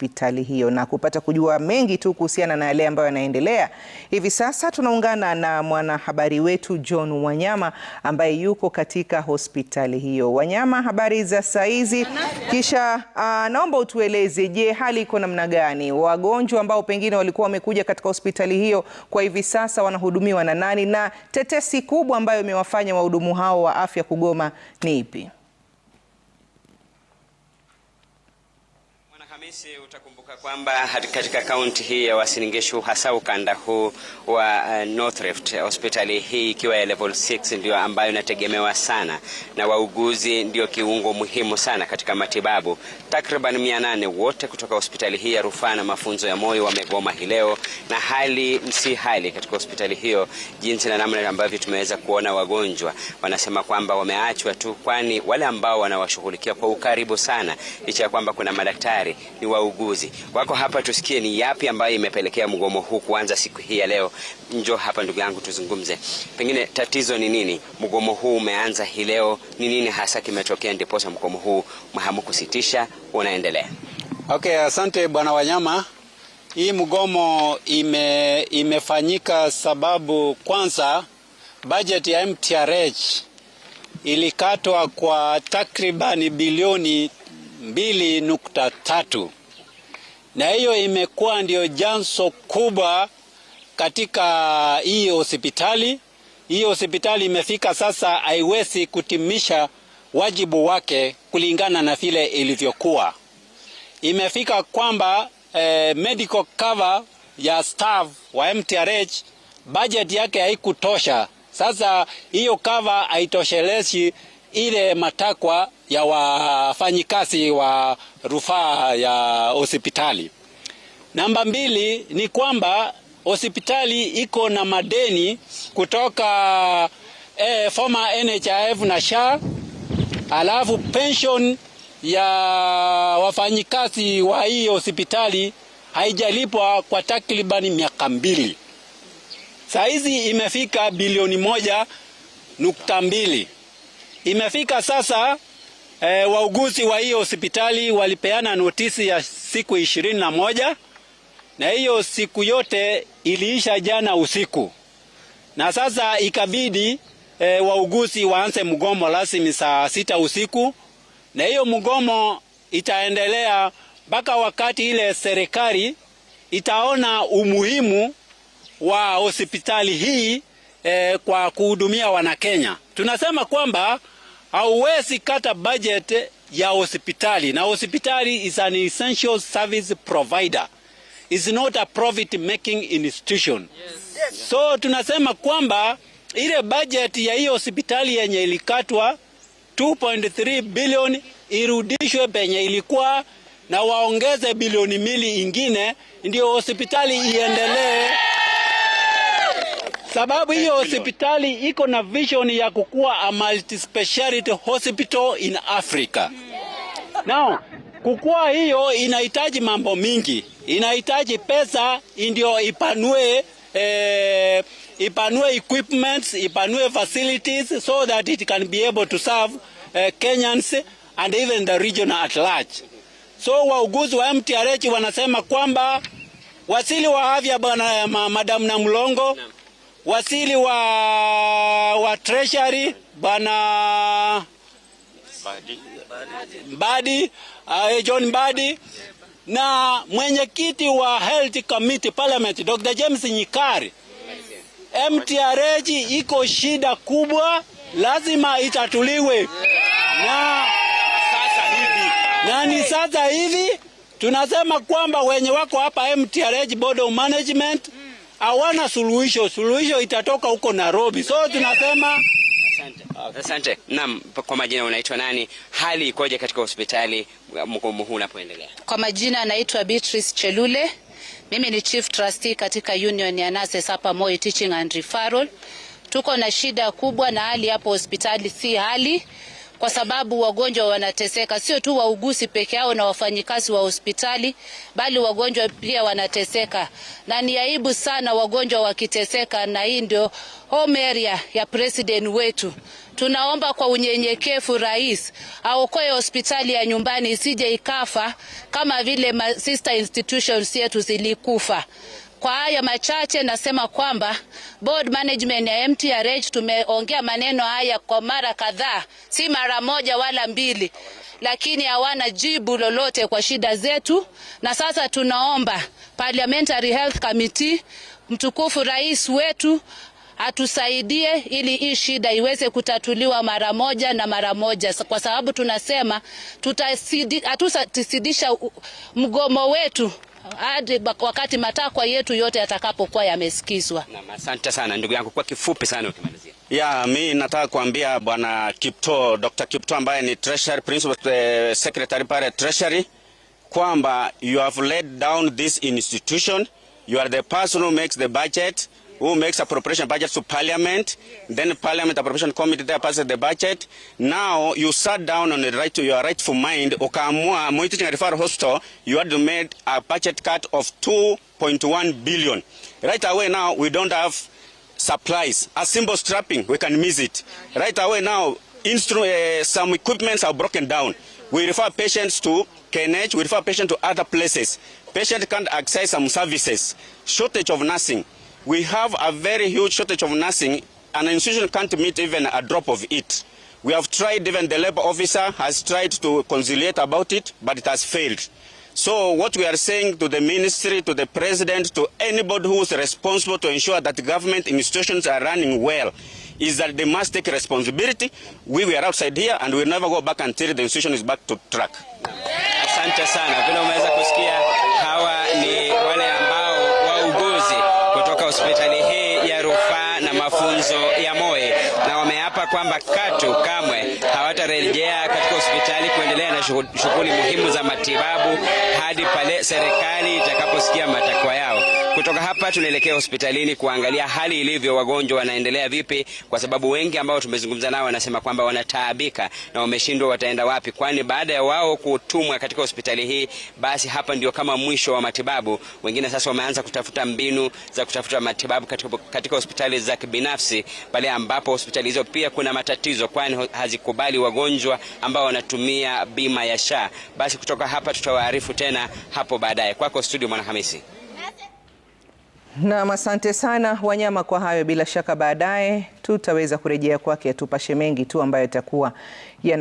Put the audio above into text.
hospitali hiyo. Na kupata kujua mengi tu kuhusiana na yale ambayo yanaendelea hivi sasa, tunaungana na mwanahabari wetu John Wanyama ambaye yuko katika hospitali hiyo. Wanyama, habari za saizi? Kisha uh, naomba utueleze, je, hali iko namna gani? Wagonjwa ambao pengine walikuwa wamekuja katika hospitali hiyo kwa hivi sasa wanahudumiwa na nani, na tetesi kubwa ambayo imewafanya wahudumu hao wa afya kugoma ni ipi? Hamisi, utakumbuka kwamba katika kaunti hii ya Uasin Gishu, hasa ukanda huu wa eh, North Rift, hospitali hii ikiwa ya level 6 ndio ambayo inategemewa sana na wauguzi, ndio kiungo muhimu sana katika matibabu. Takriban 800 wote kutoka hospitali hii ya rufaa na mafunzo ya moyo wamegoma hii leo, na hali si hali katika hospitali hiyo, jinsi na namna ambavyo tumeweza kuona. Wagonjwa wanasema kwamba wameachwa tu, kwani wale ambao wanawashughulikia kwa ukaribu sana, licha ya kwamba kuna madaktari ni wauguzi wako hapa, tusikie ni yapi ambayo imepelekea mgomo huu kuanza siku hii ya leo. njo hapa ndugu yangu, tuzungumze, pengine tatizo ni nini? Mgomo huu umeanza hii leo, ni nini hasa kimetokea ndiposa mgomo huu mahamu kusitisha unaendelea? Okay, asante bwana Wanyama. Hii mgomo ime, imefanyika sababu kwanza bajeti ya MTRH ilikatwa kwa takribani bilioni mbili nukta tatu na hiyo imekuwa ndio janso kubwa katika hii hospitali. Hii hospitali imefika sasa, haiwezi kutimisha wajibu wake kulingana na vile ilivyokuwa. Imefika kwamba eh, medical cover ya staff wa MTRH budget yake haikutosha. Sasa hiyo cover haitosheleshi ile matakwa ya wafanyikazi wa rufaa ya hospitali. Namba mbili ni kwamba hospitali iko na madeni kutoka eh, former NHIF na SHA, alafu pension ya wafanyikazi wa hii hospitali haijalipwa kwa takribani miaka mbili. Saizi imefika bilioni moja nukta mbili. Imefika sasa e, wauguzi wa hiyo hospitali walipeana notisi ya siku ishirini na moja na hiyo siku yote iliisha jana usiku, na sasa ikabidi e, wauguzi waanze mgomo rasmi saa sita usiku, na hiyo mgomo itaendelea mpaka wakati ile serikali itaona umuhimu wa hospitali hii e, kwa kuhudumia Wanakenya. Tunasema kwamba hauwezi kata budget ya hospitali, na hospitali is an essential service provider, is not a profit making institution. Yes. So tunasema kwamba ile budget ya hiyo hospitali yenye ilikatwa 2.3 bilioni irudishwe penye ilikuwa na waongeze bilioni mili ingine, ndio hospitali iendelee. Sababu hiyo eh, hospitali iko na vision ya kukuwa a multispeciality hospital in Africa. Now, kukuwa hiyo inahitaji mambo mingi, inahitaji pesa ndio ipanue eh, ipanue equipments, ipanue facilities so that it can be able to serve eh, Kenyans and even the region at large. So wauguzi wa MTRH wanasema kwamba wasili wa afya bwana eh, madamu na mlongo wasili wa, wa treasury bana badi. uh, eh, John badi na mwenyekiti wa Health Committee Parliament Dr. James Nyikari. MTRH iko shida kubwa, lazima itatuliwe na, na ni sasa hivi tunasema kwamba wenye wako hapa MTRH Board of Management hawana suluhisho. Suluhisho itatoka huko Nairobi, so tunasema asante. Asante. Naam, kwa majina unaitwa nani? Hali ikoje katika hospitali mgomo huu unapoendelea? Kwa majina anaitwa Beatrice Chelule. Mimi ni chief trustee katika union ya nurses hapa Moi Teaching and Referral. Tuko na shida kubwa na hali hapo hospitali si hali kwa sababu wagonjwa wanateseka, sio tu wauguzi peke yao na wafanyikazi wa hospitali, bali wagonjwa pia wanateseka, na ni aibu sana wagonjwa wakiteseka, na hii ndio home area ya president wetu. Tunaomba kwa unyenyekevu rais aokoe hospitali ya nyumbani isije ikafa kama vile sister institutions yetu zilikufa. Kwa haya machache nasema kwamba board management ya MTRH tumeongea maneno haya kwa mara kadhaa, si mara moja wala mbili, lakini hawana jibu lolote kwa shida zetu. Na sasa tunaomba Parliamentary Health Committee, mtukufu rais wetu atusaidie ili hii shida iweze kutatuliwa mara moja na mara moja, kwa sababu tunasema hatutatizidisha mgomo wetu hadi wakati matakwa yetu yote yatakapokuwa yamesikizwa. asante sana ndugu yangu, kwa kifupi sana ukimalizia. Ya, mi nataka kuambia bwana Kipto, Dr. Kipto ambaye ni Treasury Principal eh, Secretary pale Treasury kwamba you have laid down this institution, you are the person who makes the budget who makes appropriation budgets to parliament then parliament appropriation committee there passes the budget now you sat down on the right to your rightful mind ukaamua Mwititting referral hospital you had made a budget cut of 2.1 billion right away now we don't have supplies a simple strapping we can miss it right away now instru uh, some equipments are broken down we refer patients to KNH we refer patients to other places patient can't access some services shortage of nursing We have a very huge shortage of nursing. An institution can't meet even a drop of it. We have tried, even the labor officer has tried to conciliate about it, but it has failed. So what we are saying to the ministry, to the president, to anybody who is responsible to ensure that government institutions are running well, is that they must take responsibility. We were outside here and we'll never go back until the institution is back to track. Asante sana. Vile umeweza kusikia hawa ni বেচাইনি হে ya rufaa na mafunzo ya Moi, na wameapa kwamba katu kamwe hawatarejea katika hospitali kuendelea na shughuli muhimu za matibabu hadi pale serikali itakaposikia matakwa yao. Kutoka hapa tunaelekea hospitalini kuangalia hali ilivyo, wagonjwa wanaendelea vipi, kwa sababu wengi ambao tumezungumza nao wanasema kwamba wanataabika na wameshindwa wataenda wapi, kwani baada ya wao kutumwa katika hospitali hii, basi hapa ndio kama mwisho wa matibabu. Wengine sasa wameanza kutafuta mbinu za kutafuta matibabu katika katika hospitali za kibinafsi pale ambapo hospitali hizo pia kuna matatizo, kwani hazikubali wagonjwa ambao wanatumia bima ya SHA. Basi kutoka hapa tutawaarifu tena hapo baadaye. Kwako studio, Mwanahamisi. Naam, asante sana Wanyama kwa hayo. Bila shaka baadaye tutaweza kurejea kwake, tupashe mengi tu ambayo itakuwa yana